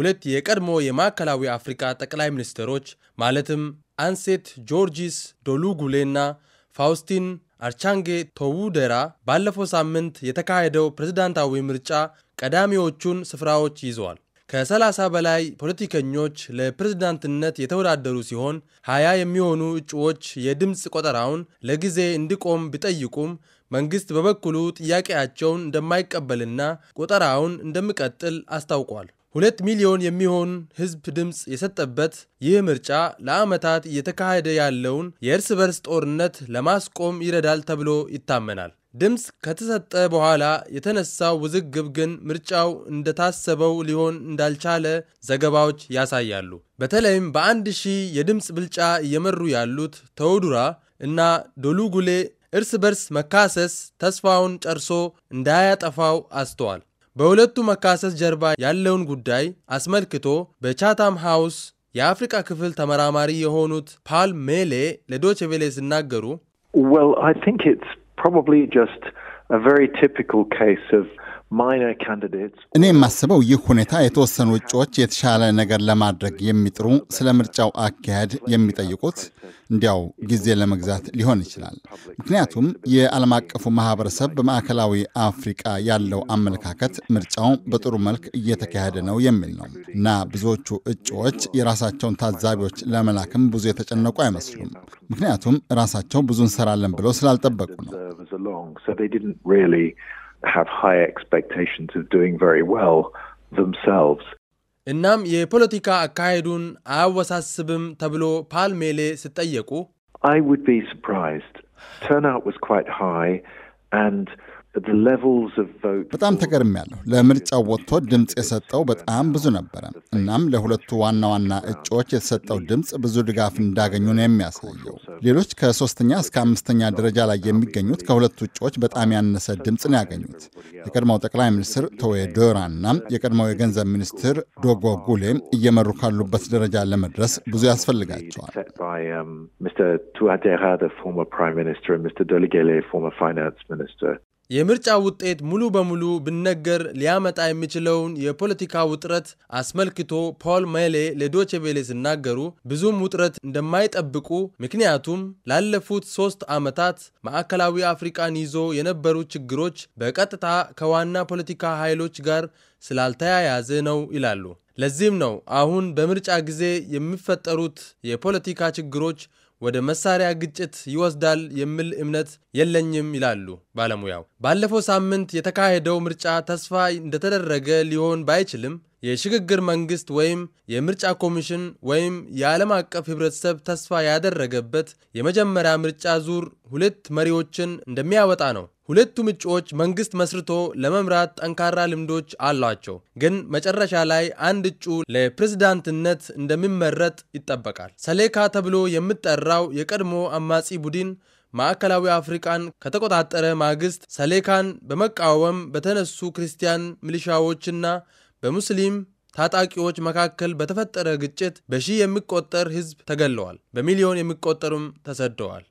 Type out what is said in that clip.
ሁለት የቀድሞ የማዕከላዊ አፍሪካ ጠቅላይ ሚኒስትሮች ማለትም አንሴት ጆርጂስ ዶሉጉሌና ፋውስቲን አርቻንጌ ቶውደራ ባለፈው ሳምንት የተካሄደው ፕሬዝዳንታዊ ምርጫ ቀዳሚዎቹን ስፍራዎች ይዘዋል። ከ30 በላይ ፖለቲከኞች ለፕሬዝዳንትነት የተወዳደሩ ሲሆን 20 የሚሆኑ እጩዎች የድምፅ ቆጠራውን ለጊዜ እንዲቆም ቢጠይቁም መንግስት በበኩሉ ጥያቄያቸውን እንደማይቀበልና ቆጠራውን እንደሚቀጥል አስታውቋል። ሁለት ሚሊዮን የሚሆን ህዝብ ድምፅ የሰጠበት ይህ ምርጫ ለዓመታት እየተካሄደ ያለውን የእርስ በርስ ጦርነት ለማስቆም ይረዳል ተብሎ ይታመናል። ድምፅ ከተሰጠ በኋላ የተነሳው ውዝግብ ግን ምርጫው እንደታሰበው ሊሆን እንዳልቻለ ዘገባዎች ያሳያሉ። በተለይም በአንድ ሺህ የድምፅ ብልጫ እየመሩ ያሉት ተወዱራ እና ዶሉጉሌ እርስ በርስ መካሰስ ተስፋውን ጨርሶ እንዳያጠፋው አስተዋል። በሁለቱ መካሰስ ጀርባ ያለውን ጉዳይ አስመልክቶ በቻታም ሃውስ የአፍሪቃ ክፍል ተመራማሪ የሆኑት ፓል ሜሌ ለዶች ቬሌ ሲናገሩ እኔ የማስበው ይህ ሁኔታ የተወሰኑ እጩዎች የተሻለ ነገር ለማድረግ የሚጥሩ ስለ ምርጫው አካሄድ የሚጠይቁት እንዲያው ጊዜ ለመግዛት ሊሆን ይችላል። ምክንያቱም የዓለም አቀፉ ማህበረሰብ በማዕከላዊ አፍሪቃ ያለው አመለካከት ምርጫው በጥሩ መልክ እየተካሄደ ነው የሚል ነው እና ብዙዎቹ እጩዎች የራሳቸውን ታዛቢዎች ለመላክም ብዙ የተጨነቁ አይመስሉም። ምክንያቱም ራሳቸው ብዙ እንሰራለን ብለው ስላልጠበቁ ነው። have high expectations of doing very well themselves. እናም የፖለቲካ አካሄዱን አያወሳስብም ተብሎ ፓልሜሌ ሲጠየቁ I would be surprised. Turnout was quite high and በጣም ተገርም ያለው ለምርጫው ወጥቶ ድምፅ የሰጠው በጣም ብዙ ነበረ። እናም ለሁለቱ ዋና ዋና እጩዎች የተሰጠው ድምፅ ብዙ ድጋፍ እንዳገኙ ነው የሚያሳየው። ሌሎች ከሶስተኛ እስከ አምስተኛ ደረጃ ላይ የሚገኙት ከሁለቱ እጩዎች በጣም ያነሰ ድምፅ ነው ያገኙት። የቀድሞው ጠቅላይ ሚኒስትር ቶዌዶራ እና የቀድሞው የገንዘብ ሚኒስትር ዶጎ ጉሌ እየመሩ ካሉበት ደረጃ ለመድረስ ብዙ ያስፈልጋቸዋል። የምርጫ ውጤት ሙሉ በሙሉ ብነገር ሊያመጣ የሚችለውን የፖለቲካ ውጥረት አስመልክቶ ፖል ሜሌ ለዶቼቬሌ ሲናገሩ ብዙም ውጥረት እንደማይጠብቁ ምክንያቱም ላለፉት ሶስት ዓመታት ማዕከላዊ አፍሪቃን ይዞ የነበሩ ችግሮች በቀጥታ ከዋና ፖለቲካ ኃይሎች ጋር ስላልተያያዘ ነው ይላሉ። ለዚህም ነው አሁን በምርጫ ጊዜ የሚፈጠሩት የፖለቲካ ችግሮች ወደ መሳሪያ ግጭት ይወስዳል የሚል እምነት የለኝም ይላሉ። ባለሙያው ባለፈው ሳምንት የተካሄደው ምርጫ ተስፋ እንደተደረገ ሊሆን ባይችልም የሽግግር መንግስት ወይም የምርጫ ኮሚሽን ወይም የዓለም አቀፍ ህብረተሰብ ተስፋ ያደረገበት የመጀመሪያ ምርጫ ዙር ሁለት መሪዎችን እንደሚያወጣ ነው። ሁለቱም እጩዎች መንግስት መስርቶ ለመምራት ጠንካራ ልምዶች አሏቸው፣ ግን መጨረሻ ላይ አንድ እጩ ለፕሬዝዳንትነት እንደሚመረጥ ይጠበቃል። ሰሌካ ተብሎ የሚጠራው የቀድሞ አማጺ ቡድን ማዕከላዊ አፍሪቃን ከተቆጣጠረ ማግስት ሰሌካን በመቃወም በተነሱ ክርስቲያን ሚሊሻዎችና በሙስሊም ታጣቂዎች መካከል በተፈጠረ ግጭት በሺህ የሚቆጠር ሕዝብ ተገለዋል፣ በሚሊዮን የሚቆጠሩም ተሰደዋል።